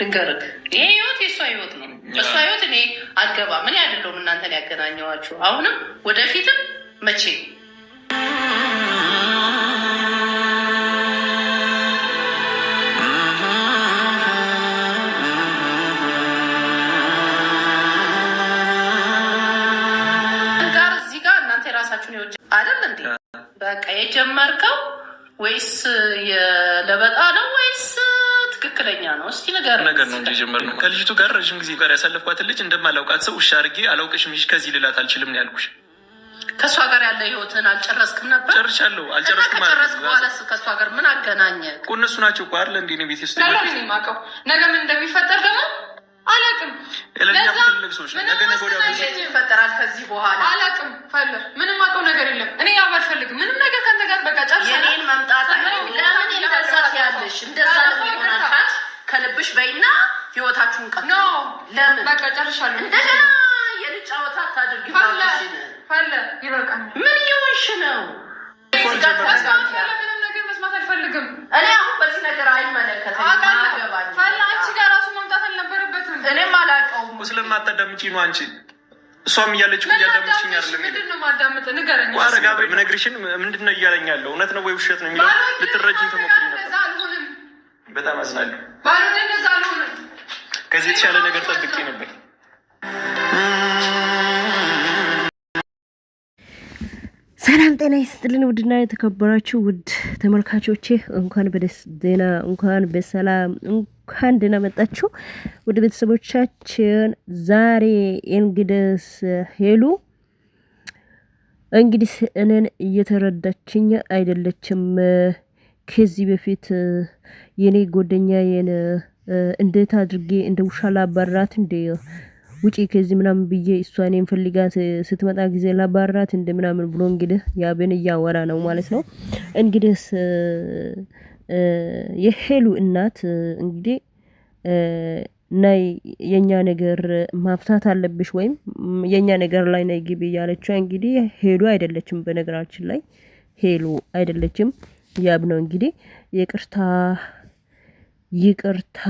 ልንገርህ፣ ይሄ ህይወት የእሷ ህይወት ነው። እሷ ህይወት እኔ አልገባም። እኔ አይደለሁም እናንተን ያገናኘዋችሁ። አሁንም ወደፊትም መቼ ጋር እዚህ አይደል እንዴ? በቃ የጀመርከው ወይስ ለበጣ ነው ወይስ ትክክለኛ ነው። እስቲ ነገር ነገር ነው እንጂ ነው ከልጅቱ ጋር ረዥም ጊዜ ጋር ያሳለፍኳትን ልጅ እንደማላውቃት ሰው ውሻ አድርጌ አላውቅሽም ይሽ ከዚህ ልላት አልችልም ያልኩሽ። ከእሷ ጋር ያለ ህይወትን አልጨረስክም ነበር? ጨርሻለሁ። አልጨረስክም ማለት በኋላ ከእሷ ጋር ምን አገናኘ? እነሱ ናቸው እኮ አይደል እንዴ ነው ቤት ውስጥ ነገ ምን እንደሚፈጠር ደግሞ አላውቅም። ይፈጠራል ከዚህ በኋላ አላውቅም። ፈለ ምንም አውቀው ነገር የለም። እኔ ያው አልፈልግም ምንም ነገር ከአንተ ጋር በቃ የእኔን መምጣት ያለሽ እንደዛ ሆናልካት ከልብሽ በይና ህይወታችሁን ቀ ለምን በቃ ጨርሻለሁ። እንደገና የልጅ ጨዋታ ታድርግ ፈለ ይበቃል። ምን እየሆንሽ ነው? ምንም ነገር መስማት አልፈልግም። እኔ አሁን በዚህ ነገር አይመለከተኝም። እኔም አላውቀውም። ስለማታዳምጪ ነው አንቺ እሷም እያለች እያዳምችኝ አለ ምነግርሽን ምንድን ነው እያለኝ ያለው እውነት ነው ወይ ውሸት ነው የሚለው ልትረጅኝ ተሞክሪ ነበር። በጣም አዝናለሁ። ከዚህ የተሻለ ነገር ጠብቄ ነበር። ሰላም ጤና ይስጥልን። ውድና የተከበራችሁ ውድ ተመልካቾቼ እንኳን በደስ ዜና እንኳን በሰላም ከአንድ ነው መጣችሁ። ወደ ቤተሰቦቻችን ዛሬ እንግዲህ ሄሉ እንግዲህ እኔን እየተረዳችኝ አይደለችም። ከዚህ በፊት የኔ ጓደኛዬን እንዴት አድርጌ እንደ ውሻ ላባራት እንደ ውጪ ከዚህ ምናምን ብዬ እሷ እኔን ፈልጋ ስትመጣ ጊዜ ላባራት እንደ ምናምን ብሎ እንግዲህ ያብን እያወራ ነው ማለት ነው እንግዲህ የሄሉ እናት እንግዲህ ናይ የእኛ ነገር ማፍታት አለብሽ ወይም የእኛ ነገር ላይ ናይ ግቢ እያለችው እንግዲህ ሄሉ አይደለችም። በነገራችን ላይ ሄሉ አይደለችም ያብ ነው እንግዲህ ይቅርታ ይቅርታ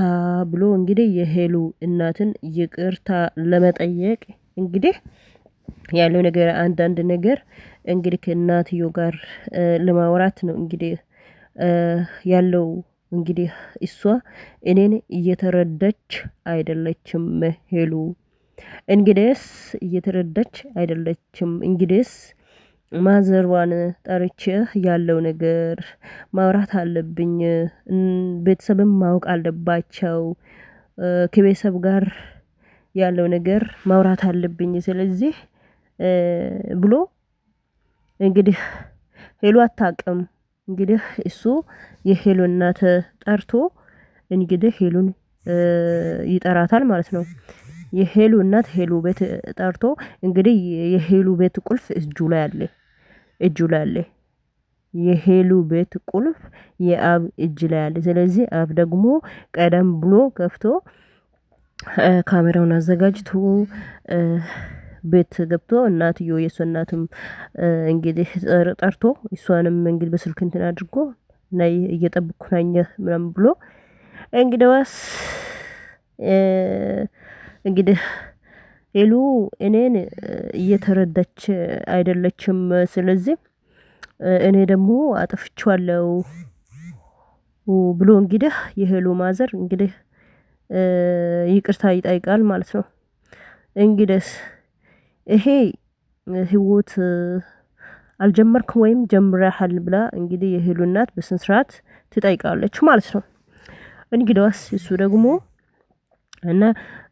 ብሎ እንግዲህ የሄሉ እናትን ይቅርታ ለመጠየቅ እንግዲህ ያለው ነገር አንዳንድ ነገር እንግዲህ ከእናትዮ ጋር ለማውራት ነው እንግዲህ ያለው እንግዲህ እሷ እኔን እየተረዳች አይደለችም ሄሉ እንግዲስ እየተረዳች አይደለችም እንግዲስ ማዘርዋን ጠርቼ ያለው ነገር ማውራት አለብኝ። ቤተሰብም ማወቅ አለባቸው። ከቤተሰብ ጋር ያለው ነገር ማውራት አለብኝ። ስለዚህ ብሎ እንግዲህ ሄሉ አታውቅም እንግዲህ እሱ የሄሉ እናት ጠርቶ እንግዲህ ሄሉን ይጠራታል ማለት ነው። የሄሉ እናት ሄሉ ቤት ጠርቶ እንግዲህ የሄሉ ቤት ቁልፍ እጁ ላይ አለ እጁ ላይ አለ የሄሉ ቤት ቁልፍ የአብ እጅ ላይ አለ። ስለዚህ አብ ደግሞ ቀደም ብሎ ከፍቶ ካሜራውን አዘጋጅቶ ቤት ገብቶ እናትዮ የእሷ እናትም እንግዲህ ጠርቶ እሷንም እንግዲህ በስልክ እንትን አድርጎ ናይ እየጠብቅኩ ናኘ ምናም ብሎ እንግዲዋስ እንግዲህ ሄሉ እኔን እየተረዳች አይደለችም። ስለዚህ እኔ ደግሞ አጥፍቼዋለሁ ብሎ እንግዲህ የሄሉ ማዘር እንግዲህ ይቅርታ ይጠይቃል ማለት ነው እንግዲህ ይሄ ህይወት አልጀመርክም ወይም ጀምረሃል ብላ እንግዲህ የሄሉ እናት በስነ ስርዓት ትጠይቃለች ማለት ነው። እንግዲዋስ እሱ ደግሞ እና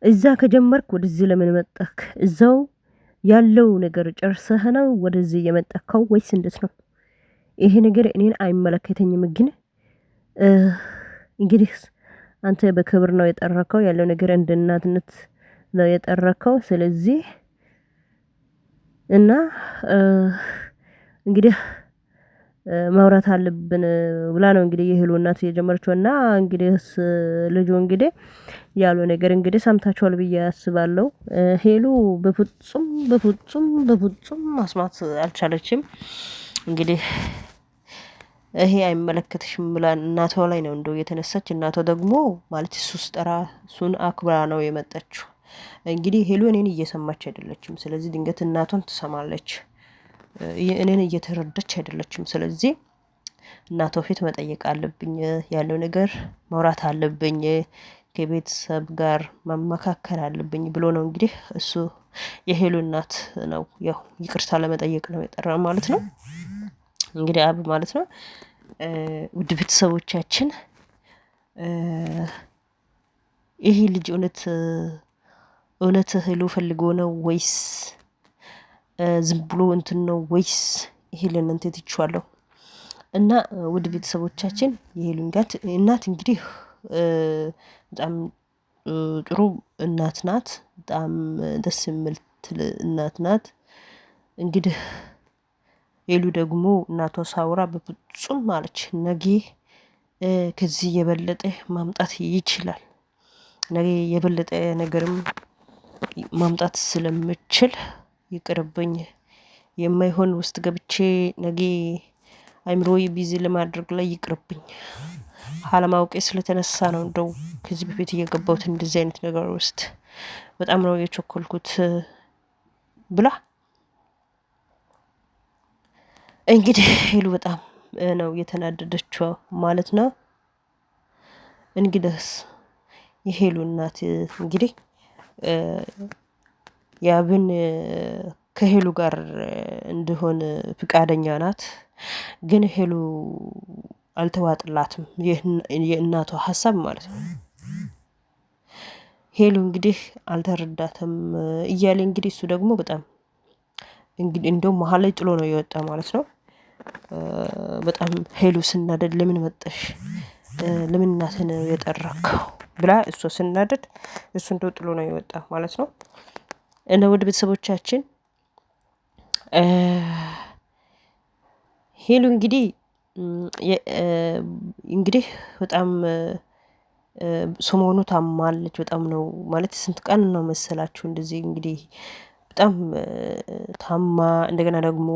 እዛ ከጀመርክ ወደዚህ ለምን መጣክ? እዛው ያለው ነገር ጨርሰህ ነው ወደዚህ የመጣከው ወይስ እንዴት ነው? ይሄ ነገር እኔን አይመለከተኝም፣ ግን እንግዲህ አንተ በክብር ነው የጠረከው። ያለው ነገር እንደ እናትነት ነው የጠረከው። ስለዚህ እና እንግዲህ ማውራት አለብን ብላ ነው እንግዲህ የሄሉ እናት የጀመረችው እና እንግዲህ ልጁ እንግዲህ ያሉ ነገር እንግዲህ ሰምታችኋል ብዬ አስባለሁ። ሄሉ በፍጹም በፍጹም በፍጹም ማስማት አልቻለችም። እንግዲህ ይሄ አይመለከትሽም ብላ እናቷ ላይ ነው እንደው የተነሳች። እናቷ ደግሞ ማለት ሱስ ጠራ እሱን አክብራ ነው የመጣችው። እንግዲህ ሄሉ እኔን እየሰማች አይደለችም። ስለዚህ ድንገት እናቷን ትሰማለች። እኔን እየተረዳች አይደለችም። ስለዚህ እናቷ ፊት መጠየቅ አለብኝ፣ ያለው ነገር መውራት አለብኝ፣ ከቤተሰብ ጋር መመካከል አለብኝ ብሎ ነው እንግዲህ እሱ የሄሉ እናት ነው። ያው ይቅርታ ለመጠየቅ ነው የጠራ ማለት ነው እንግዲህ አብ ማለት ነው። ውድ ቤተሰቦቻችን ይህ ልጅ እውነት እውነት እህሉ ፈልጎ ነው ወይስ ዝም ብሎ እንትን ነው ወይስ ይሄ እንትን ትችዋለሁ። እና ውድ ቤተሰቦቻችን የሄሉን ጋት እናት እንግዲህ በጣም ጥሩ እናት ናት። በጣም ደስ የምትል እናት ናት። እንግዲህ ሄሉ ደግሞ እናቷ ሳውራ በፍጹም ማለች ነገ ከዚህ የበለጠ ማምጣት ይችላል ነገ የበለጠ ነገርም ማምጣት ስለምችል ይቅርብኝ። የማይሆን ውስጥ ገብቼ ነገ አይምሮ ቢዚ ለማድረግ ላይ ይቅርብኝ። አለማወቄ ስለተነሳ ነው እንደው ከዚህ በፊት እየገባሁት እንደዚህ አይነት ነገር ውስጥ በጣም ነው የቸኮልኩት። ብላ እንግዲህ ሄሉ በጣም ነው የተናደደችው ማለት ነው። እንግዲህስ የሄሉ እናት እንግዲህ ያብን ከሄሉ ጋር እንድሆን ፍቃደኛ ናት። ግን ሄሉ አልተዋጥላትም የእናቷ ሀሳብ ማለት ነው። ሄሉ እንግዲህ አልተረዳትም እያለ እንግዲህ እሱ ደግሞ በጣም እንደውም መሀል ላይ ጥሎ ነው የወጣ ማለት ነው። በጣም ሄሉ ስናደድ ለምን መጠሽ? ለምን እናትን የጠራከው ብላ እሷ ስናደድ እሱ እንደው ጥሎ ነው የወጣ ማለት ነው። እና ውድ ቤተሰቦቻችን ሄሉ እንግዲህ እንግዲህ በጣም ሰሞኑ ታማለች። በጣም ነው ማለት ስንት ቀን ነው መሰላችሁ? እንደዚህ እንግዲህ በጣም ታማ እንደገና ደግሞ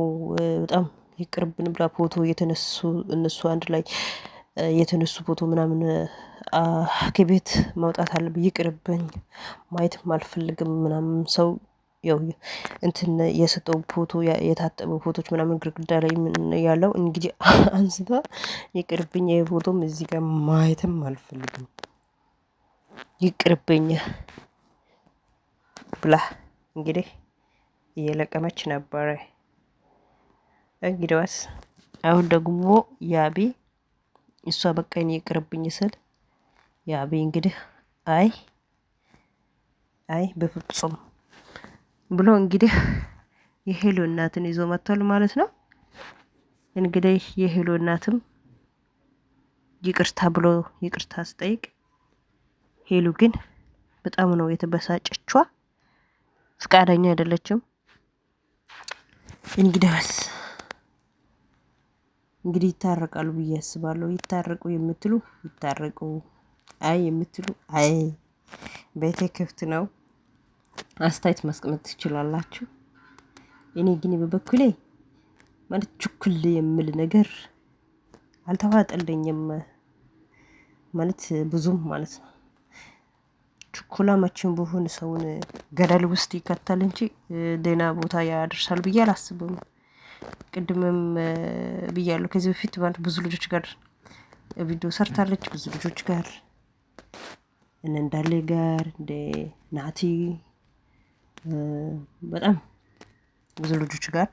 በጣም ይቅርብን ብላ ፎቶ የተነሱ እነሱ አንድ ላይ የተነሱ ፎቶ ምናምን ከቤት መውጣት አለብኝ ይቅርብኝ ማየት አልፈልግም ምናምን ሰው ያው እንትን የሰጠው ፎቶ የታጠበ ፎቶች ምናምን ግርግዳ ላይ ያለው እንግዲህ አንስታ ይቅርብኝ ይሄ ፎቶም እዚህ ጋር ማየትም አልፈልግም ይቅርብኝ ብላ እንግዲህ እየለቀመች ነበረ። እንግዲዋስ አሁን ደግሞ ያቤ እሷ በቃ እኔ ይቅርብኝ ስል የአብይ እንግዲህ አይ አይ በፍጹም ብሎ እንግዲህ የሄሉ እናትን ይዞ መጥቷል ማለት ነው። እንግዲህ የሄሉ እናትም ይቅርታ ብሎ ይቅርታ ስጠይቅ ሄሉ ግን በጣም ነው የተበሳጨችዋ ፍቃደኛ አይደለችም እንግዲህ እንግዲህ ይታረቃሉ ብዬ አስባለሁ። ይታረቁ የምትሉ ይታረቁ፣ አይ የምትሉ አይ። ቤቴ ክፍት ነው፣ አስተያየት ማስቀመጥ ትችላላችሁ። እኔ ግን በበኩሌ ማለት ችኩል የምል ነገር አልተዋጠልኝም ማለት ብዙም ማለት ነው። ችኩላ መቼም ቢሆን ሰውን ገደል ውስጥ ይከታል እንጂ ሌላ ቦታ ያደርሳል ብዬ አላስብም። ቅድምም ብያለሁ። ከዚህ በፊት ማለት ብዙ ልጆች ጋር ቪዲዮ ሰርታለች። ብዙ ልጆች ጋር እነ እንዳሌ ጋር እንደ ናቲ በጣም ብዙ ልጆች ጋር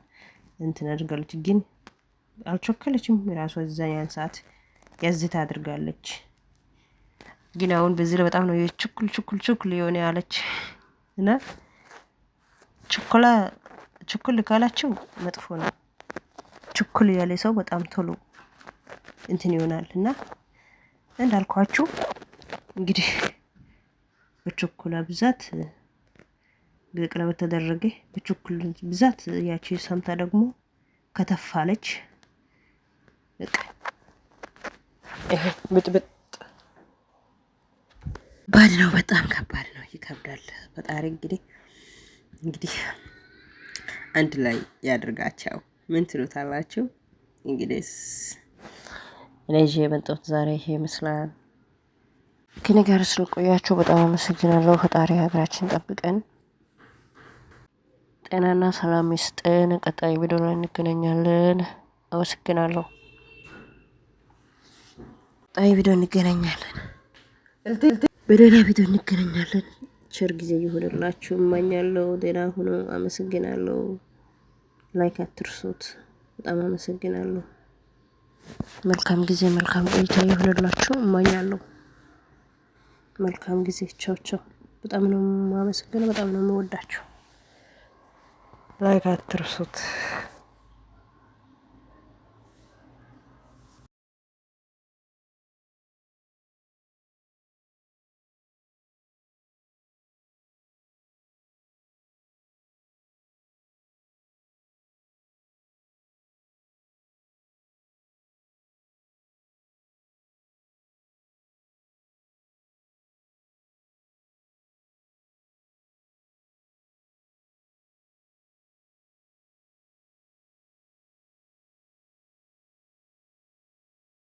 እንትን አድርጋለች፣ ግን አልቸከለችም። የራሷ ዛኛን ሰዓት ያዝታ አድርጋለች። ግን አሁን በዚህ ላይ በጣም ነው የችኩል ችኩል ችኩል የሆነ ያለች እና ችኩላ ችኩል ካላችሁ መጥፎ ነው። ችኩል ያለ ሰው በጣም ቶሎ እንትን ይሆናል እና እንዳልኳችሁ እንግዲህ በችኩላ ብዛት ቅላ ተደረገ በችኩል ብዛት ያቺ ሰምታ ደግሞ ከተፋለች ብጥብጥ ከባድ ነው። በጣም ከባድ ነው። ይከብዳል። ፈጣሪ እንግዲህ እንግዲህ አንድ ላይ ያድርጋቸው። ምን ትሉታላችሁ? እንግዲህ እኔ ይዤ የመጣሁት ዛሬ ይሄ ይመስላል። ከኔ ጋር ስለቆያችሁ በጣም አመሰግናለሁ። ፈጣሪ ሀገራችን ጠብቀን ጤናና ሰላም ይስጥን። ቀጣይ ቪዲዮ ላይ እንገናኛለን። አመሰግናለሁ። ቀጣይ ቪዲዮ እንገናኛለን። በሌላ ቪዲዮ እንገናኛለን። ቸር ጊዜ ይሁንላችሁ እማኛለሁ። ጤና ሁኑ። አመሰግናለሁ። ላይክ አትርሱት። በጣም አመሰግናለሁ። መልካም ጊዜ፣ መልካም ቆይታ ይሁንላችሁ። እማኛለሁ። መልካም ጊዜ። ቻው ቻው። በጣም ነው የማመሰግነው። በጣም ነው የምወዳችሁ። ላይክ አትርሱት።